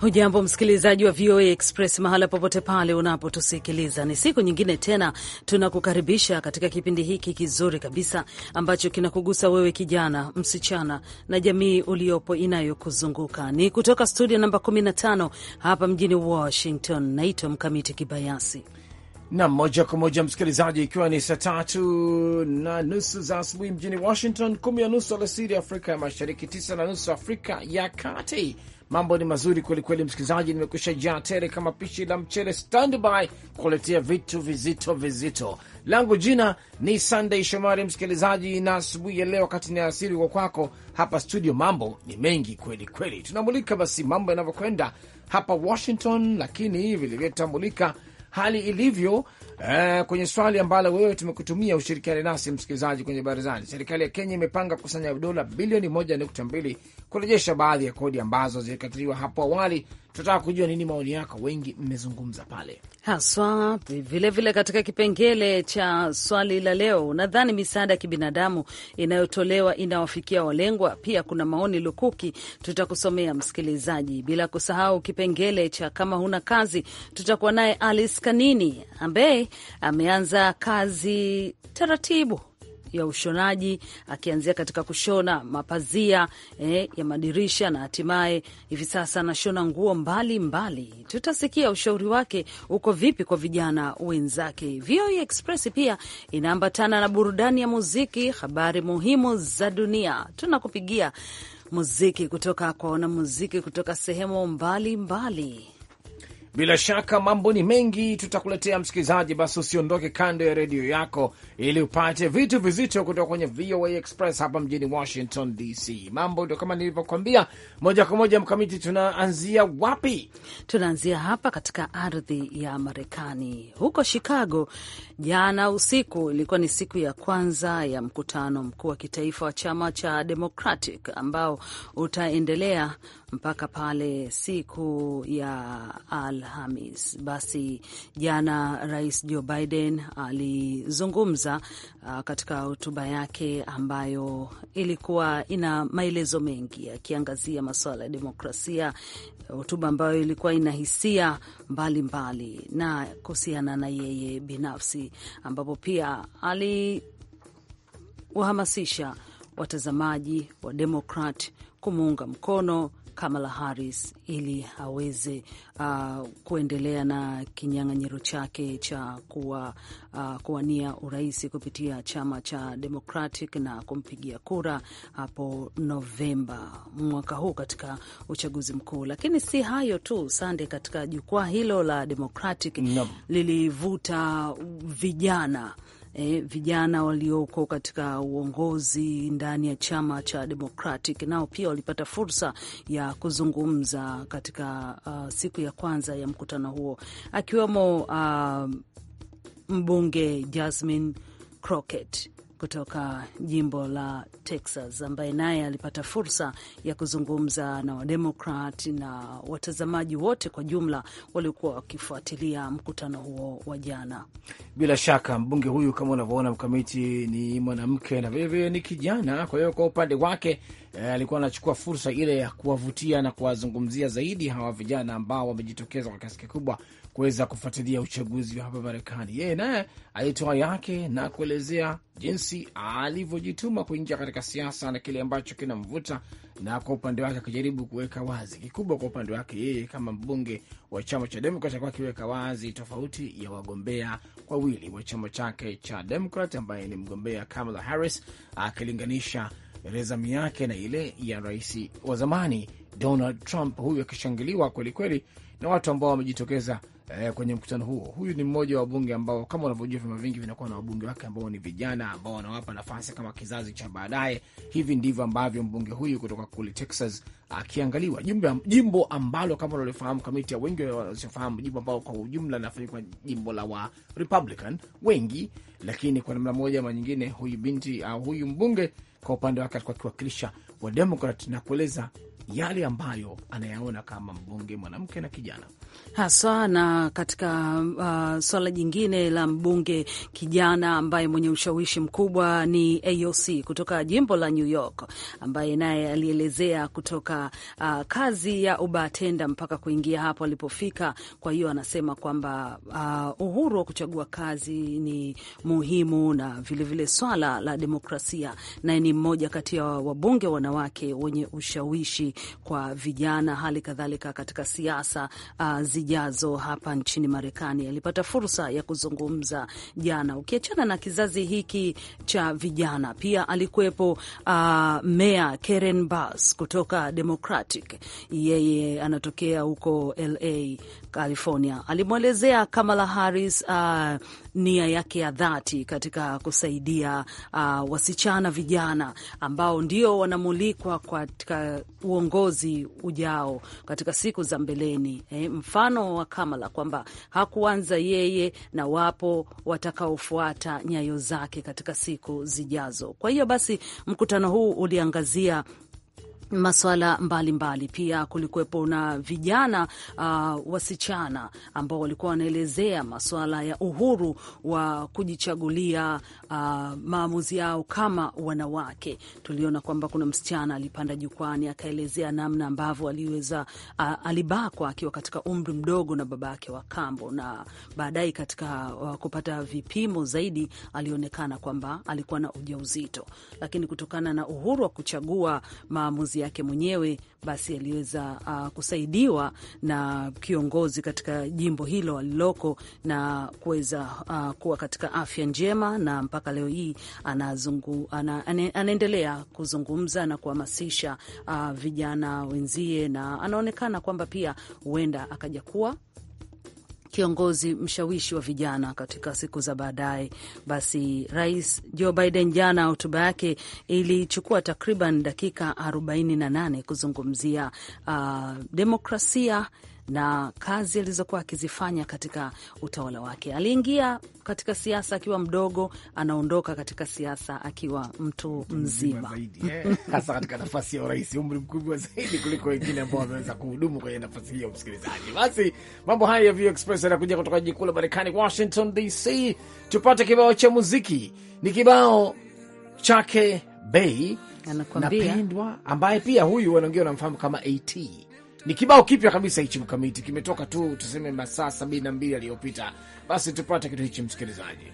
Hujambo msikilizaji wa VOA Express mahala popote pale unapotusikiliza, ni siku nyingine tena tunakukaribisha katika kipindi hiki kizuri kabisa ambacho kinakugusa wewe, kijana, msichana na jamii uliopo inayokuzunguka. Ni kutoka studio namba 15 hapa mjini Washington. Naitwa Mkamiti Kibayasi na moja kwa moja msikilizaji, ikiwa ni saa tatu na nusu za asubuhi mjini Washington, kumi na nusu alasiri Afrika ya Mashariki, tisa na nusu Afrika ya Kati. Mambo ni mazuri kwelikweli, msikilizaji, nimekusha jaa tele kama pishi la mchele, standby kukuletea vitu vizito vizito. Langu jina ni Sunday Shomari, msikilizaji, na asubuhi ya leo, wakati ni asiri kwa kwako hapa studio, mambo ni mengi kwelikweli. Tunamulika basi mambo yanavyokwenda hapa Washington, lakini vilivyotambulika hali ilivyo. eh, kwenye swali ambalo wewe tumekutumia ushirikiane nasi msikilizaji kwenye barazani, serikali ya Kenya imepanga kukusanya dola bilioni moja nukta mbili kurejesha baadhi ya kodi ambazo zilikatiliwa hapo awali tunataka kujua nini maoni yako, wengi mmezungumza pale haswa. Vilevile vile katika kipengele cha swali la leo, nadhani misaada ya kibinadamu inayotolewa inawafikia walengwa, pia kuna maoni lukuki tutakusomea msikilizaji, bila kusahau kipengele cha kama huna kazi. Tutakuwa naye Alice Kanini ambaye ameanza kazi taratibu ya ushonaji, akianzia katika kushona mapazia eh, ya madirisha na hatimaye hivi sasa anashona nguo mbalimbali. Tutasikia ushauri wake uko vipi kwa vijana wenzake. VOA e Express pia inaambatana na burudani ya muziki, habari muhimu za dunia. Tunakupigia muziki kutoka kwa wanamuziki kutoka sehemu mbalimbali mbali. Bila shaka mambo ni mengi tutakuletea, msikilizaji, basi usiondoke kando ya redio yako ili upate vitu vizito kutoka kwenye VOA Express hapa mjini Washington DC. Mambo ndio kama nilivyokwambia, moja kwa moja. Mkamiti, tunaanzia wapi? Tunaanzia hapa katika ardhi ya Marekani, huko Chicago. Jana usiku ilikuwa ni siku ya kwanza ya mkutano mkuu wa kitaifa wa chama cha Democratic ambao utaendelea mpaka pale siku ya Alhamis. Basi jana Rais Joe Biden alizungumza uh, katika hotuba yake ambayo ilikuwa ina maelezo mengi akiangazia masuala ya demokrasia, hotuba ambayo ilikuwa ina hisia mbalimbali mbali, na kuhusiana na yeye binafsi, ambapo pia aliwahamasisha watazamaji wa Demokrat kumuunga mkono Kamala Harris ili aweze uh, kuendelea na kinyang'anyiro chake cha kuwa, uh, kuwania urais kupitia chama cha Democratic na kumpigia kura hapo Novemba mwaka huu katika uchaguzi mkuu. Lakini si hayo tu, Sande, katika jukwaa hilo la Democratic no. lilivuta vijana E, vijana walioko katika uongozi ndani ya chama cha Democratic nao pia walipata fursa ya kuzungumza katika uh, siku ya kwanza ya mkutano huo akiwemo uh, mbunge Jasmine Crockett kutoka jimbo la Texas, ambaye naye alipata fursa ya kuzungumza na Wademokrat na watazamaji wote kwa jumla waliokuwa wakifuatilia mkutano huo wa jana. Bila shaka mbunge huyu kama unavyoona mkamiti ni mwanamke na vilevile ni kijana, kwa hiyo kwa upande wake eh, alikuwa anachukua fursa ile ya kuwavutia na kuwazungumzia zaidi hawa vijana ambao wamejitokeza kwa kiasi kikubwa kuweza kufuatilia uchaguzi wa hapa Marekani. Yeye naye alitoa yake na kuelezea jinsi alivyojituma kuingia katika siasa na kile ambacho kinamvuta, na kwa upande wake akijaribu kuweka wazi kikubwa. Kwa upande wake yeye kama mbunge wa chama cha Demokrat akuwa akiweka wazi tofauti ya wagombea wawili wa chama chake cha Demokrat ambaye ni mgombea Kamala Harris, akilinganisha rezami yake na ile ya rais wa zamani Donald Trump, huyu akishangiliwa kwelikweli na watu ambao wamejitokeza eh, kwenye mkutano huo. Huyu ni mmoja wa wabunge ambao kama unavyojua vyama vingi vinakuwa na wabunge wake ambao ni vijana ambao wanawapa nafasi kama kizazi cha baadaye. Hivi ndivyo ambavyo mbunge huyu kutoka kule Texas akiangaliwa jimbo, jimbo ambalo kama unalifahamu kamiti ya wengi wasiofahamu, jimbo ambao kwa ujumla nafunikwa jimbo la wa Republican wengi, lakini kwa namna moja ama nyingine huyu binti au huyu mbunge kwa upande wake alikuwa akiwakilisha wa Democrat na kueleza yale ambayo anayaona kama mbunge mwanamke na kijana haswa. Na katika uh, swala jingine la mbunge kijana ambaye mwenye ushawishi mkubwa ni AOC kutoka jimbo la New York, ambaye naye alielezea kutoka uh, kazi ya ubatenda mpaka kuingia hapo alipofika. Kwa hiyo anasema kwamba uh, uhuru wa kuchagua kazi ni muhimu na vilevile vile swala la demokrasia, naye ni mmoja kati ya wabunge wanawake wenye ushawishi kwa vijana, hali kadhalika katika siasa uh, zijazo hapa nchini Marekani. Alipata fursa ya kuzungumza jana. Ukiachana na kizazi hiki cha vijana, pia alikuwepo uh, Meya Karen Bass kutoka Democratic, yeye anatokea huko LA California. Alimwelezea Kamala Harris uh, nia yake ya dhati katika kusaidia uh, wasichana vijana ambao ndio wanamulikwa katika uongozi ujao katika siku za mbeleni. Eh, mfano wa Kamala kwamba hakuanza yeye na wapo watakaofuata nyayo zake katika siku zijazo. Kwa hiyo basi mkutano huu uliangazia masuala mbalimbali mbali. Pia kulikuwepo na vijana uh, wasichana ambao walikuwa wanaelezea masuala ya uhuru wa kujichagulia uh, maamuzi yao kama wanawake. Tuliona kwamba kuna msichana alipanda jukwani akaelezea namna ambavyo aliweza uh, alibakwa akiwa katika umri mdogo na baba yake wa kambo, na baadaye katika uh, kupata vipimo zaidi alionekana kwamba alikuwa na ujauzito, lakini kutokana na uhuru wa kuchagua maamuzi maamuzi yake mwenyewe, basi aliweza uh, kusaidiwa na kiongozi katika jimbo hilo aliloko na kuweza uh, kuwa katika afya njema, na mpaka leo hii anazungu, ana, ana, anaendelea kuzungumza na kuhamasisha uh, vijana wenzie, na anaonekana kwamba pia huenda akaja kuwa kiongozi mshawishi wa vijana katika siku za baadaye. Basi Rais Joe Biden jana, hotuba yake ilichukua takriban dakika 48 kuzungumzia uh, demokrasia na kazi alizokuwa akizifanya katika utawala wake. Aliingia katika siasa akiwa mdogo, anaondoka katika siasa akiwa mtu mzima, eh. hasa katika nafasi ya urais, umri mkubwa zaidi kuliko wengine ambao wameweza kuhudumu kwenye nafasi hiyo. Msikilizaji, basi mambo haya ya Vio Express yanakuja kutoka jiji kuu la Marekani, Washington DC. Tupate kibao cha muziki, ni kibao chake Bei napendwa, ambaye pia huyu wanaongea, unamfahamu kama AT ni kibao kipya kabisa hichi mkamiti, kimetoka tu tuseme masaa sabini na mbili aliyopita. Basi tupate kitu hichi msikilizaji.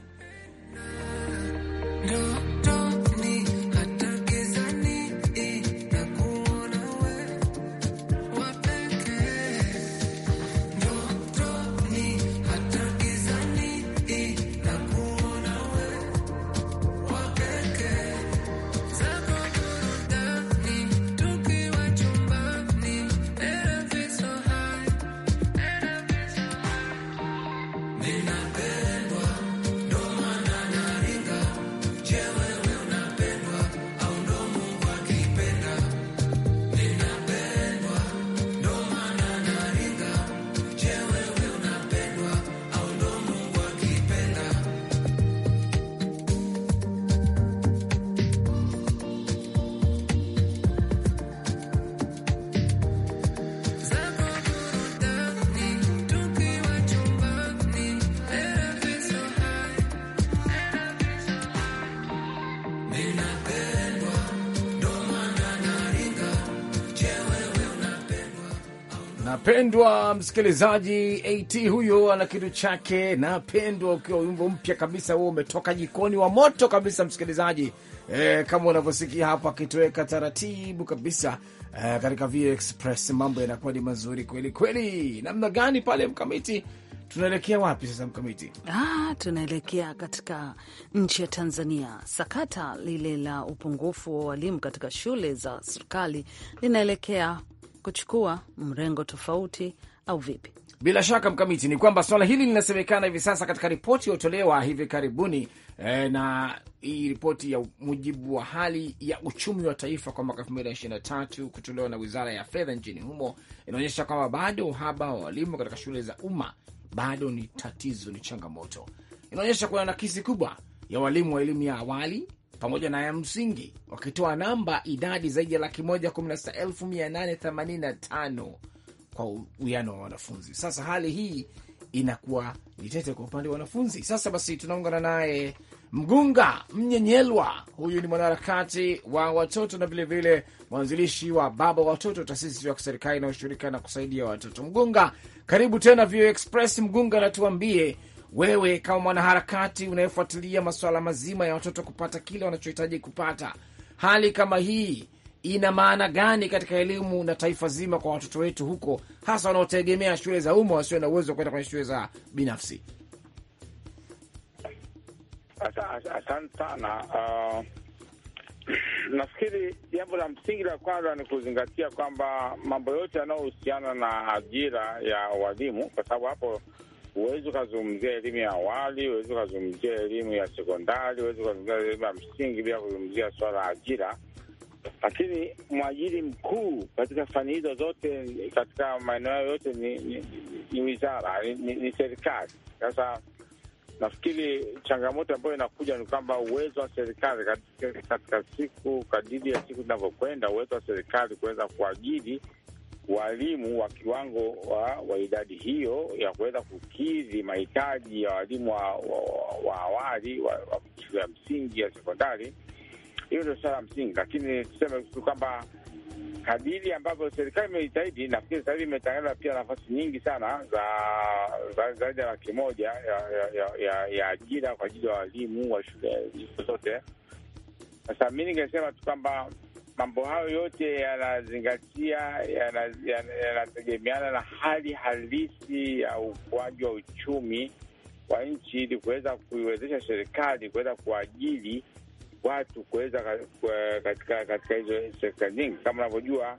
Napendwa msikilizaji, at huyo ana kitu chake. Napendwa ukiwa wimbo mpya kabisa huo, umetoka jikoni wa moto kabisa msikilizaji. E, kama unavyosikia hapo akitoweka taratibu kabisa e, katika VOA Express mambo yanakuwa ni mazuri kweli kweli. Namna gani pale mkamiti Tunaelekea wapi sasa Mkamiti? Ah, tunaelekea katika nchi ya Tanzania. Sakata lile la upungufu wa walimu katika shule za serikali linaelekea kuchukua mrengo tofauti au vipi? Bila shaka Mkamiti, ni kwamba swala hili linasemekana hivi sasa katika ripoti iliyotolewa hivi karibuni e, na hii ripoti ya mujibu wa hali ya uchumi wa taifa kwa mwaka elfu mbili na ishirini na tatu kutolewa na wizara ya fedha nchini humo inaonyesha kwamba bado uhaba wa walimu katika shule za umma bado ni tatizo, ni changamoto. Inaonyesha kuna nakisi kubwa ya walimu wa elimu ya awali pamoja na ya msingi, wakitoa namba idadi zaidi ya laki moja kumi na sita elfu mia nane themanini na tano kwa uwiano wa wanafunzi. Sasa hali hii inakuwa ni tete kwa upande wa wanafunzi. Sasa basi, tunaungana naye Mgunga Mnyenyelwa, huyu ni mwanaharakati wa watoto na vilevile mwanzilishi wa Baba Watoto, taasisi ya kiserikali inayoshughulika na kusaidia watoto. Mgunga, karibu tena VOA Express. Mgunga, natuambie wewe kama mwanaharakati unayefuatilia masuala mazima ya watoto kupata kile wanachohitaji kupata, hali kama hii ina maana gani katika elimu na taifa zima kwa watoto wetu huko, hasa wanaotegemea shule za umma, wasio na uwezo wa kwenda kwenye shule za binafsi? Asante sana. Uh, nafikiri jambo la msingi la kwanza ni kuzingatia kwamba mambo yote yanayohusiana na ajira ya walimu, kwa sababu hapo huwezi ukazungumzia elimu ya awali, huwezi ukazungumzia elimu ya sekondari, huwezi ukazungumzia elimu ya msingi bila kuzungumzia swala la ajira. Lakini mwajiri mkuu katika fani hizo zote, katika maeneo hayo yote ni, ni, ni wizara, ni, ni, ni serikali. Sasa nafikiri changamoto ambayo inakuja ni kwamba uwezo wa serikali katika, katika siku kadiri ya siku zinavyokwenda uwezo wa serikali kuweza kuajiri walimu wa kiwango wa, wa idadi hiyo ya kuweza kukidhi mahitaji ya waalimu wa, wa, wa awali wa, wa shule ya msingi ya sekondari. Hiyo ndio suala msingi, lakini tuseme tu kwamba kadiri ambavyo serikali imejitahidi, nafikiri sasa hivi imetangaza pia nafasi nyingi sana za zaidi ya laki moja ya ajira kwa ajili ya walimu wa shule zote. Sasa mi ningesema tu kwamba mambo hayo yote yanazingatia, yanategemeana yana, yana na hali halisi ya ukuaji wa uchumi wa nchi, ili kuweza kuiwezesha serikali kuweza kuajiri watu kuweza katika katika hizo sekta nyingi. Kama unavyojua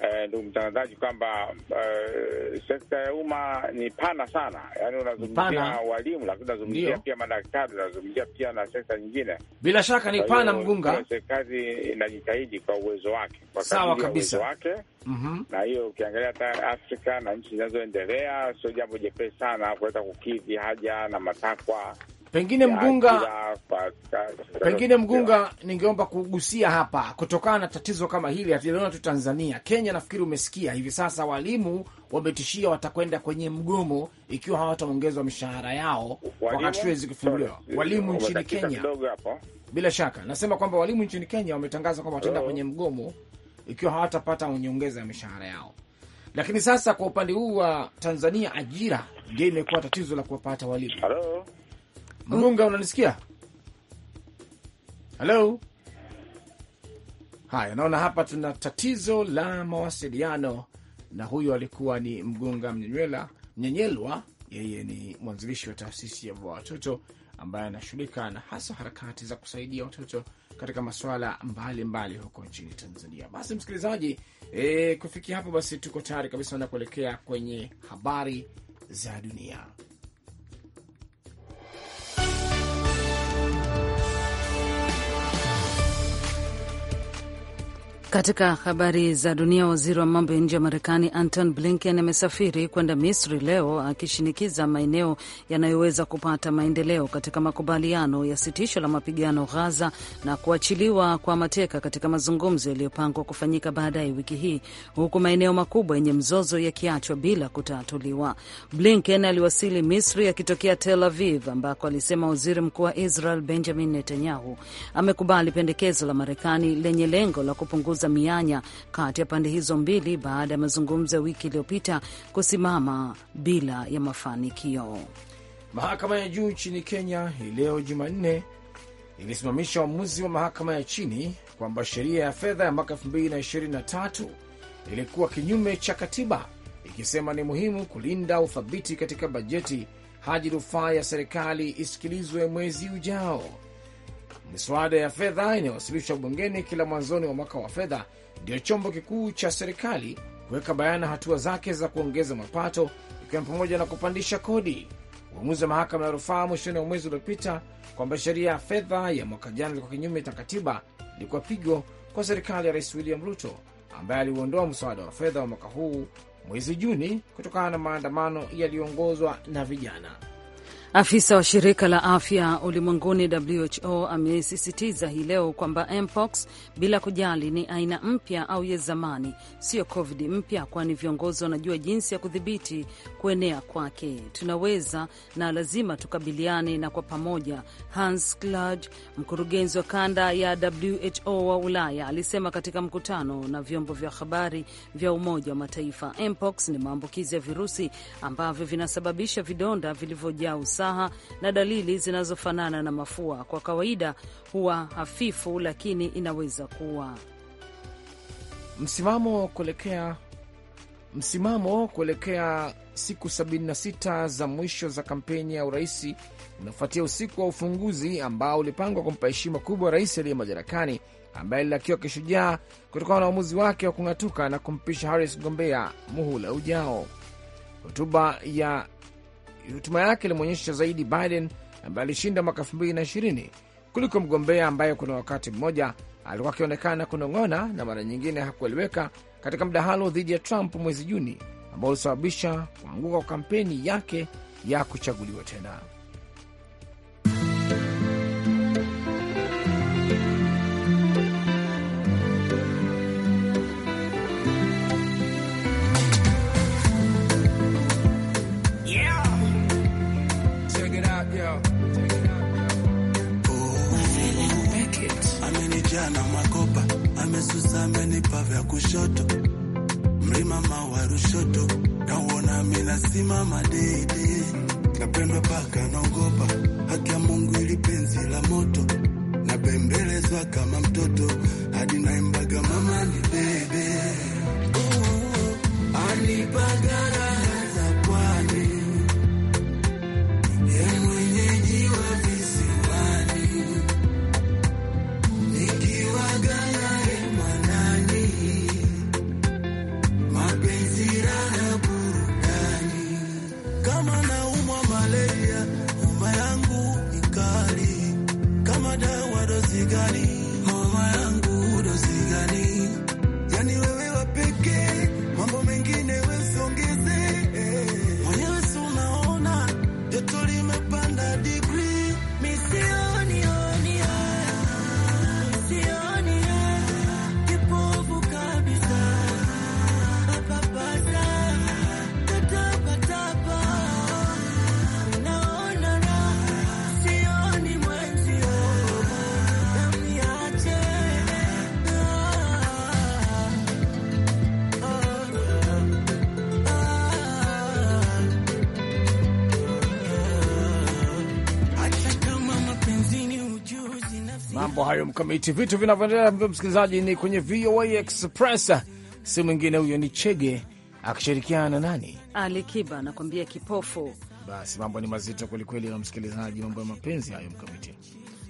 Eh, ndugu uh, mtangazaji kwamba uh, sekta ya umma ni pana sana, yaani unazungumzia walimu, lakini unazungumzia pia madaktari, unazungumzia pia na sekta nyingine. Bila shaka ni pana mgunga, serikali inajitahidi kwa uwezo wake, kwa sawa kabisa wake mm -hmm. na hiyo ukiangalia hata Afrika na nchi zinazoendelea sio jambo jepesi sana kuweza kukidhi haja na matakwa Pengine Mgunga, pengine Mgunga, ningeomba kugusia hapa, kutokana na tatizo kama hili hatujaliona tu Tanzania, Kenya nafikiri umesikia hivi sasa, walimu wametishia watakwenda kwenye mgomo ikiwa hawataongezwa mishahara yao, wakati hatuwezi kufunguliwa walimu nchini Kenya. Bila shaka nasema kwamba walimu nchini Kenya wametangaza kwamba wataenda oh. kwenye mgomo ikiwa hawatapata nyongeza ya mishahara yao. Lakini sasa kwa upande huu wa Tanzania, ajira ndio imekuwa tatizo la kuwapata walimu. Hello? Mgunga, unanisikia? Halo. Haya, naona hapa tuna tatizo la mawasiliano, na huyu alikuwa ni Mgunga Mnyenyelwa Mnyenyelwa, yeye ni mwanzilishi wa taasisi ya Watoto ambaye anashughulika na hasa harakati za kusaidia watoto katika masuala mbalimbali huko nchini Tanzania. Basi msikilizaji, e, kufikia hapo basi tuko tayari kabisa na kuelekea kwenye habari za dunia. Katika habari za dunia, waziri wa mambo ya nje wa Marekani Anton Blinken amesafiri kwenda Misri leo akishinikiza maeneo yanayoweza kupata maendeleo katika makubaliano ya sitisho la mapigano Ghaza na kuachiliwa kwa mateka katika mazungumzo yaliyopangwa kufanyika baadaye wiki hii, huku maeneo makubwa yenye mzozo yakiachwa bila kutatuliwa. Blinken aliwasili Misri akitokea Tel Aviv ambako alisema waziri mkuu wa Israel Benjamin Netanyahu amekubali pendekezo la Marekani lenye lengo la kupunguza kupunguza mianya kati ya pande hizo mbili baada ya mazungumzo ya wiki iliyopita kusimama bila ya mafanikio. Mahakama ya juu nchini Kenya hii leo Jumanne ilisimamisha uamuzi wa mahakama ya chini kwamba sheria ya fedha ya mwaka 2023 ilikuwa kinyume cha katiba, ikisema ni muhimu kulinda uthabiti katika bajeti hadi rufaa ya serikali isikilizwe mwezi ujao. Miswada ya fedha inayowasilishwa bungeni kila mwanzoni wa mwaka wa fedha ndiyo chombo kikuu cha serikali kuweka bayana hatua zake za kuongeza mapato, ikiwa ni pamoja na kupandisha kodi. Uamuzi wa mahakama ya rufaa mwishoni wa mwezi uliopita kwamba sheria ya fedha ya mwaka jana ilikuwa kinyume cha katiba ilikuwa pigo kwa serikali ya Rais William Ruto ambaye aliuondoa mswada wa fedha wa mwaka huu mwezi Juni kutokana na maandamano yaliyoongozwa na vijana. Afisa wa shirika la afya ulimwenguni WHO amesisitiza hii leo kwamba mpox, bila kujali ni aina mpya au ya zamani, siyo covid mpya, kwani viongozi wanajua jinsi ya kudhibiti kuenea kwake. Tunaweza na lazima tukabiliane na kwa pamoja, Hans Kluge, mkurugenzi wa kanda ya WHO wa Ulaya, alisema katika mkutano na vyombo vya habari vya Umoja wa Mataifa. Mpox ni maambukizi ya virusi ambavyo vinasababisha vidonda vilivyojaa ufasaha na dalili zinazofanana na mafua. Kwa kawaida huwa hafifu, lakini inaweza kuwa msimamo kuelekea msimamo kuelekea siku 76 za mwisho za kampeni ya uraisi unafuatia usiku wa ufunguzi ambao ulipangwa kumpa heshima kubwa rais aliye madarakani ambaye alilakiwa kishujaa kutokana na uamuzi wake wa kung'atuka na kumpisha Harris mgombea muhula ujao. Hotuba ya hotuba yake ilimwonyesha zaidi Biden ambaye alishinda mwaka 2020 kuliko mgombea ambaye kuna wakati mmoja alikuwa akionekana kunong'ona na mara nyingine hakueleweka katika mdahalo dhidi ya Trump mwezi Juni ambao ulisababisha kuanguka kwa kampeni yake ya kuchaguliwa tena. Kwanza amenipa vya kushoto, mlima mawa Rushoto, nauona mina simama deidei, napendwa paka naogopa, haki ya Mungu ili penzi la moto, napembelezwa kama mtoto, hadi naimbaga mama ni bebe, oh, oh, oh, mambo hayo mkamiti, vitu vinavyoendelea mvyo msikilizaji, ni kwenye VOA Express. Si mwingine huyo ni Chege akishirikiana na nani, Alikiba anakwambia kipofu. Basi mambo ni mazito kwelikweli, na msikilizaji, mambo ya mapenzi hayo mkamiti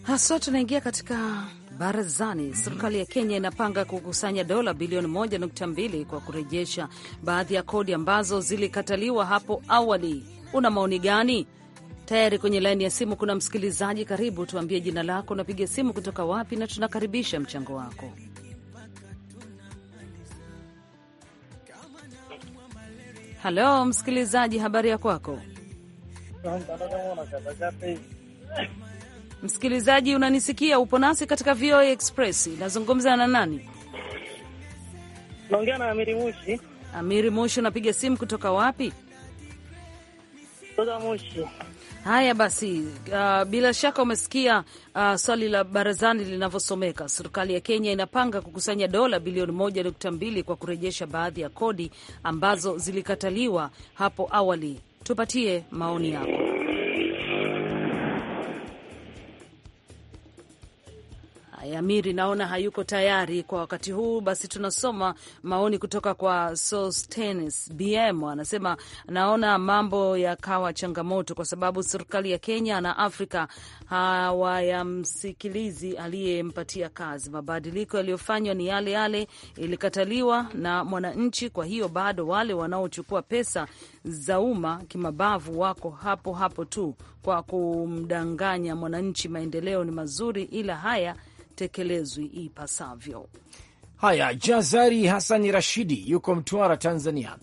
haswa. Tunaingia katika barazani. Serikali ya Kenya inapanga kukusanya dola bilioni 1.2 kwa kurejesha baadhi ya kodi ambazo zilikataliwa hapo awali. Una maoni gani? Tayari kwenye laini ya simu kuna msikilizaji. Karibu, tuambie jina lako, unapiga simu kutoka wapi, na tunakaribisha mchango wako. Halo msikilizaji, habari ya kwako? Msikilizaji, unanisikia? Upo nasi katika VOA Express. Nazungumza na nani? Naongea na Amiri Mushi. Amiri Mushi, unapiga simu kutoka wapi? Kutoka Haya basi, uh, bila shaka umesikia uh, swali la barazani linavyosomeka. Serikali ya Kenya inapanga kukusanya dola bilioni moja nukta mbili kwa kurejesha baadhi ya kodi ambazo zilikataliwa hapo awali. Tupatie maoni yako. Amiri naona hayuko tayari kwa wakati huu. Basi tunasoma maoni kutoka kwa Sostenis BM, anasema naona mambo yakawa changamoto kwa sababu serikali ya Kenya na Afrika hawayamsikilizi aliyempatia kazi. Mabadiliko yaliyofanywa ni yale yale, ilikataliwa na mwananchi. Kwa hiyo bado wale wanaochukua pesa za umma kimabavu wako hapo hapo tu kwa kumdanganya mwananchi. Maendeleo ni mazuri, ila haya haitekelezwi ipasavyo. Haya, Jazari Hasani Rashidi yuko Mtwara, Tanzania,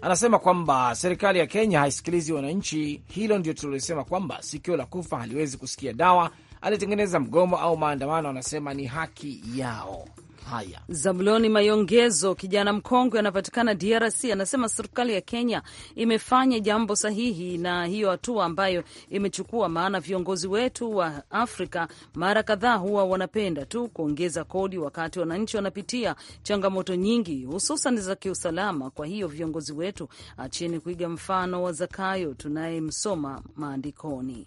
anasema kwamba serikali ya Kenya haisikilizi wananchi. Hilo ndio tulilosema kwamba sikio la kufa haliwezi kusikia dawa. Alitengeneza mgomo au maandamano, anasema ni haki yao. Haya, Zabuloni Mayongezo, kijana mkongwe, anapatikana DRC, anasema serikali ya Kenya imefanya jambo sahihi na hiyo hatua ambayo imechukua, maana viongozi wetu wa Afrika mara kadhaa huwa wanapenda tu kuongeza kodi wakati wananchi wanapitia changamoto nyingi, hususan za kiusalama. Kwa hiyo viongozi wetu, achieni kuiga mfano wa Zakayo tunayemsoma maandikoni.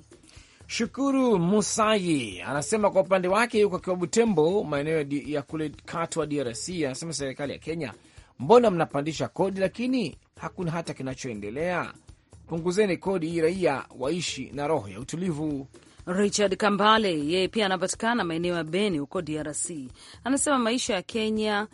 Shukuru Musayi anasema kwa upande wake yuko akiwa Butembo, maeneo ya kule Katwa, DRC. Anasema serikali ya Kenya, mbona mnapandisha kodi lakini hakuna hata kinachoendelea? Punguzeni kodi hii, raia waishi na roho ya utulivu. Richard Kambale yeye pia anapatikana maeneo ya Beni huko DRC, anasema maisha ya Kenya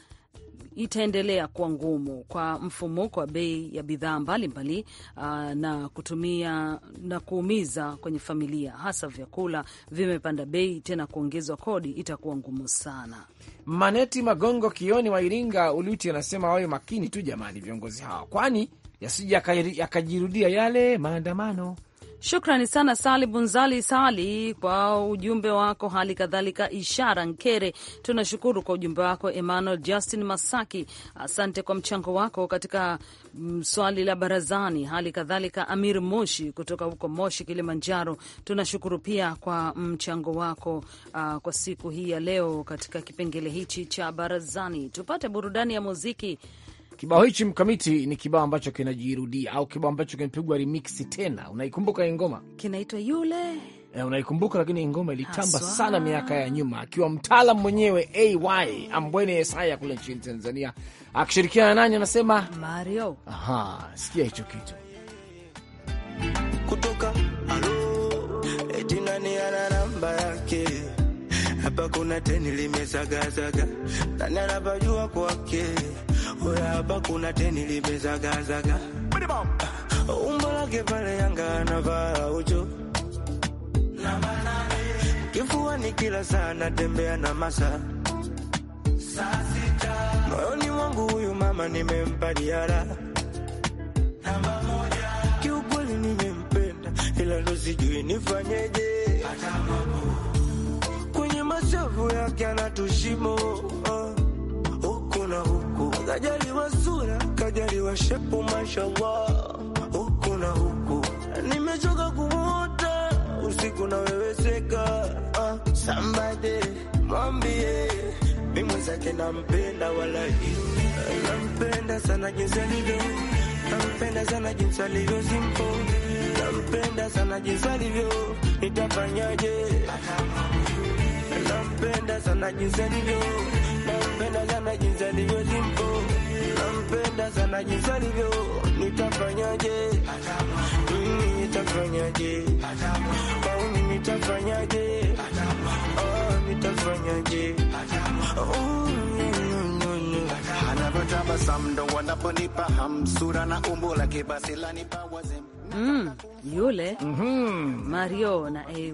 itaendelea kuwa ngumu kwa mfumuko wa bei ya bidhaa mbalimbali uh, na kutumia na kuumiza kwenye familia, hasa vyakula vimepanda bei, tena kuongezwa kodi itakuwa ngumu sana. Maneti Magongo Kioni wa Iringa Uluti anasema wawe makini tu jamani, viongozi hawa, kwani yasija yakajirudia yale maandamano. Shukrani sana Sali Bunzali Sali kwa ujumbe wako, hali kadhalika Ishara Nkere, tunashukuru kwa ujumbe wako. Emmanuel Justin Masaki, asante kwa mchango wako katika mm, swali la barazani. Hali kadhalika Amir Moshi kutoka huko Moshi, Kilimanjaro, tunashukuru pia kwa mchango wako uh, kwa siku hii ya leo katika kipengele hichi cha barazani. Tupate burudani ya muziki. Kibao hichi mkamiti ni kibao ambacho kinajirudia au kibao ambacho kimepigwa remix tena. Unaikumbuka hii ngoma? Kinaitwa yule E, unaikumbuka lakini ngoma ilitamba Aswa sana miaka ya nyuma, akiwa mtaalam mwenyewe AY Ambwene Yesaya kule nchini Tanzania, akishirikiana na nani? Anasema Mario. Aha, sikia hicho kitu kutoka alo eti nani ana namba yake hapa, kuna teni limezagazaga nani anapajua kwake wewe hapa kuna teni limezagazaga, ah, umbo lake pale Yanga anavaa ucho kifuani, kila saa natembea na masa moyoni mwangu, huyu mama nimempa diara kiukweli, nimempenda ila ndo sijui nifanyeje kwenye mashavu yake anatushimo ah, huko na huko Kajaliwa sura, kajaliwa shepu, mashallah, huku na huku. Nimechoka kuota usiku na wewe seka. Uh, ah, somebody mwambie mi mwenzake nampenda, walahi nampenda sana jinsi alivyo, nampenda sana jinsi alivyo simpo, nampenda sana jinsi alivyo, nitafanyaje? Nampenda sana jinsi alivyo nampenda sana jinsi alivyo simple, nampenda sana jinsi alivyo. Nitafanyaje? Mimi nitafanyaje? Au mimi nitafanyaje? Oh, nitafanyaje? Oh, mm, yule mm -hmm. Mario na AY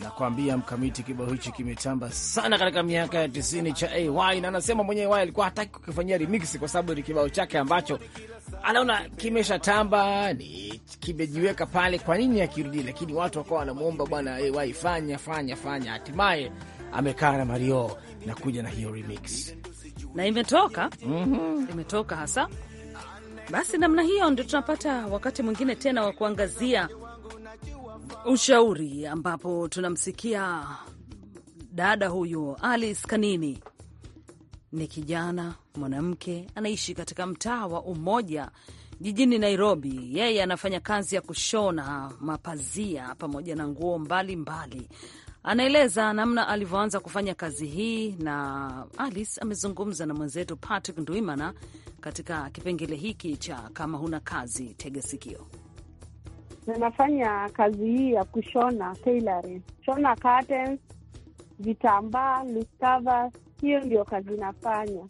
nakwambia mkamiti, kibao hichi kimetamba sana katika miaka ya tisini cha AY, na anasema mwenyewe AY alikuwa hataki kukifanyia remix kwa sababu ni kibao chake ambacho anaona tamba, ni kimejiweka pale, kwa nini akirudi? Lakini watu wakawa wanamwomba bwana AY, fanya fanya fanya. Hatimaye amekaa na Mario na kuja na hiyo remix na imetoka, mm -hmm. imetoka hasa. Basi namna hiyo ndio tunapata wakati mwingine tena wa kuangazia ushauri ambapo tunamsikia dada huyu Alice Kanini ni kijana mwanamke anaishi katika mtaa wa Umoja jijini Nairobi. Yeye anafanya kazi ya kushona mapazia pamoja na nguo mbalimbali. Anaeleza namna alivyoanza kufanya kazi hii, na Alice amezungumza na mwenzetu Patrick Ndwimana katika kipengele hiki cha kama huna kazi, tega sikio. Ninafanya kazi hii ya kushona tailoring, shona curtains, vitambaa, listava. Hiyo ndio kazi nafanya.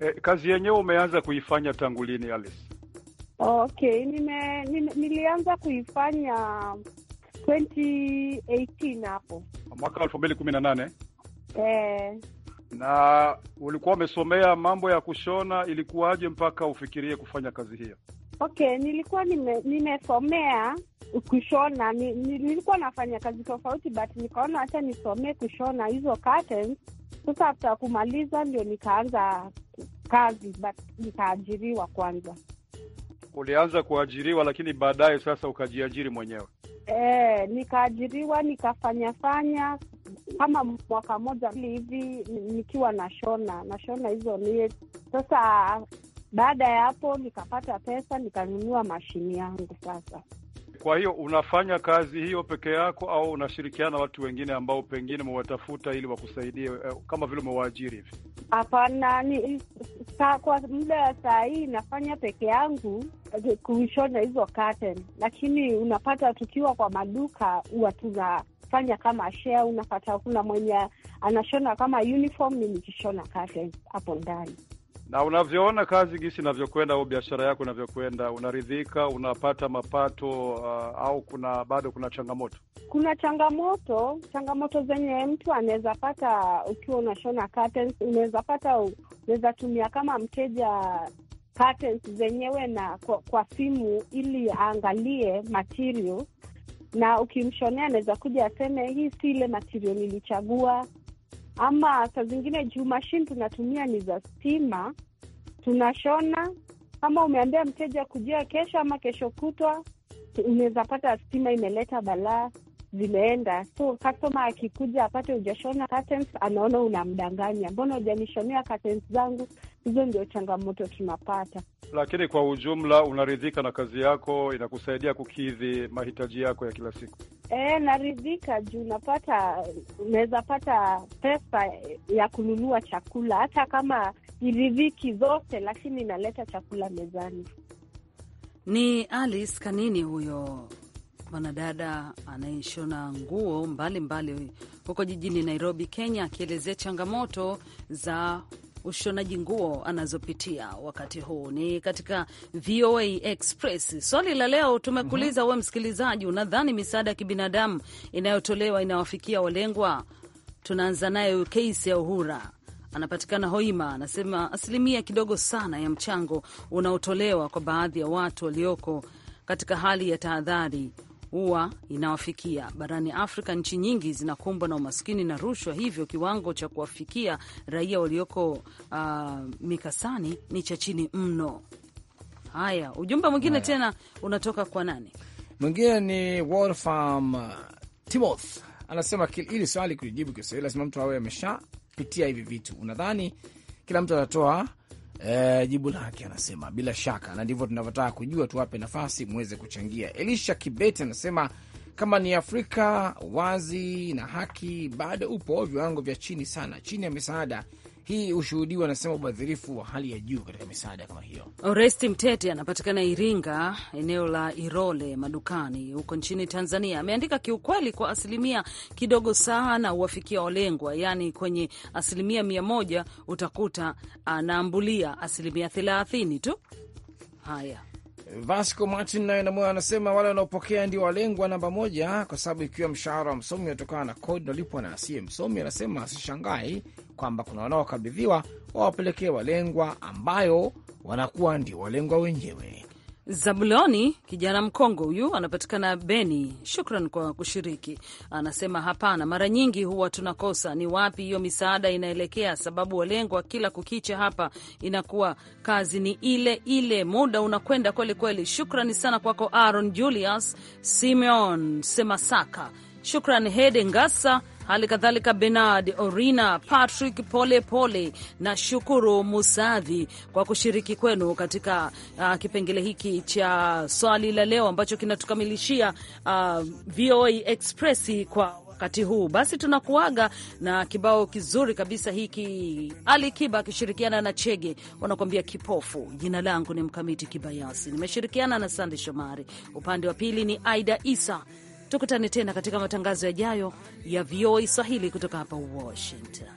Eh, kazi yenyewe umeanza kuifanya tangu lini Alice? Okay, nime, nime, nilianza kuifanya 2018 hapo mwaka elfu mbili kumi na nane. Eh, na ulikuwa umesomea mambo ya kushona, ilikuwaje mpaka ufikirie kufanya kazi hiyo? Okay, nilikuwa nime, nimesomea kushona ni, nilikuwa nafanya kazi tofauti but nikaona hata nisomee kushona hizo curtains. Sasa after kumaliza ndio nikaanza kazi but nikaajiriwa kwanza. Ulianza kuajiriwa lakini baadaye sasa ukajiajiri mwenyewe? Eh, nikaajiriwa nikafanya fanya kama mwaka mmoja hivi nikiwa nashona nashona hizo ni Sasa baada ya hapo nikapata pesa nikanunua mashini yangu sasa. Kwa hiyo unafanya kazi hiyo peke yako au unashirikiana watu wengine ambao pengine umewatafuta ili wakusaidie eh, kama vile umewaajiri hivi? Hapana, ni kwa muda wa saa hii nafanya peke yangu eh, kushona hizo curtain, lakini unapata tukiwa kwa maduka huwa tunafanya kama share. Unapata kuna mwenye anashona kama uniform, ni nikishona curtain hapo ndani na unavyoona kazi gisi inavyokwenda au biashara yako inavyokwenda, unaridhika? Unapata mapato uh, au kuna bado kuna changamoto? Kuna changamoto, changamoto zenye mtu anaweza pata ukiwa unashona curtains, unaweza pata, unaweza tumia kama mteja curtains zenyewe na kwa, kwa simu ili aangalie material, na ukimshonea anaweza kuja aseme hii si ile material nilichagua ama saa zingine juu mashine tunatumia ni za stima, tunashona. Kama umeambia mteja kujia kesho ama kesho kutwa, unaweza pata stima imeleta balaa, zimeenda. So customer akikuja apate hujashona curtains, anaona unamdanganya, mbona hujanishonea curtains zangu? Hizo ndio changamoto tunapata, lakini kwa ujumla unaridhika na kazi yako, inakusaidia kukidhi mahitaji yako ya kila siku? E, naridhika juu napata, unaweza pata pesa ya kununua chakula, hata kama iridhiki zote, lakini inaleta chakula mezani. Ni Alice Kanini huyo mwanadada anayeshona nguo mbalimbali mbali huko jijini Nairobi, Kenya, akielezea changamoto za ushonaji nguo anazopitia wakati huu. Ni katika VOA Express. Swali la leo tumekuuliza, mm -hmm. we msikilizaji, unadhani misaada ya kibinadamu inayotolewa inawafikia walengwa? Tunaanza naye kesi ya Uhura anapatikana Hoima, anasema asilimia kidogo sana ya mchango unaotolewa kwa baadhi ya watu walioko katika hali ya tahadhari huwa inawafikia. Barani Afrika, nchi nyingi zinakumbwa na umaskini na rushwa, hivyo kiwango cha kuwafikia raia walioko uh, mikasani ni cha chini mno. Haya, ujumbe mwingine tena unatoka kwa nani? Mwingine ni Wolfram uh, Timoth anasema, hili swali kulijibu Kiswahili lazima mtu awe ameshapitia hivi vitu. Unadhani kila mtu atatoa E, jibu lake anasema bila shaka, na ndivyo tunavyotaka kujua, tuwape nafasi mweze kuchangia. Elisha Kibet anasema kama ni Afrika wazi na haki bado upo viwango vya chini sana, chini ya misaada hii ushuhudiwa, anasema ubadhirifu wa hali ya juu katika misaada kama hiyo. Oresti Mtete anapatikana Iringa, eneo la Irole madukani huko nchini Tanzania, ameandika kiukweli, kwa asilimia kidogo sana uwafikia walengwa, yaani kwenye asilimia mia moja utakuta anaambulia ah, asilimia thelathini tu. Haya. Vasco Martin naye namoyo anasema wale wanaopokea ndio walengwa namba moja, kwa sababu ikiwa mshahara wa msomi unatokana na kodi unalipwa na asiye msomi, anasema asishangai kwamba kuna wanaokabidhiwa wawapelekee walengwa, ambayo wanakuwa ndio walengwa wenyewe. Zabuloni kijana mkongwe huyu anapatikana Beni. Shukran kwa kushiriki. Anasema hapana, mara nyingi huwa tunakosa ni wapi hiyo misaada inaelekea, sababu walengwa kila kukicha hapa inakuwa kazi ni ile ile, muda unakwenda kweli kweli. Shukrani sana kwako Aaron Julius Simeon Semasaka, shukran Hede Ngasa hali kadhalika Benard Orina, Patrick Pole Pole na Shukuru Musadhi kwa kushiriki kwenu katika uh, kipengele hiki cha swali la leo ambacho kinatukamilishia uh, VOA Express kwa wakati huu. Basi tunakuaga na kibao kizuri kabisa hiki, Ali Kiba akishirikiana na Chege wanakuambia kipofu. Jina langu ni Mkamiti Kibayasi, nimeshirikiana na Sande Shomari, upande wa pili ni Aida Isa. Tukutane tena katika matangazo yajayo ya VOA Swahili kutoka hapa Washington.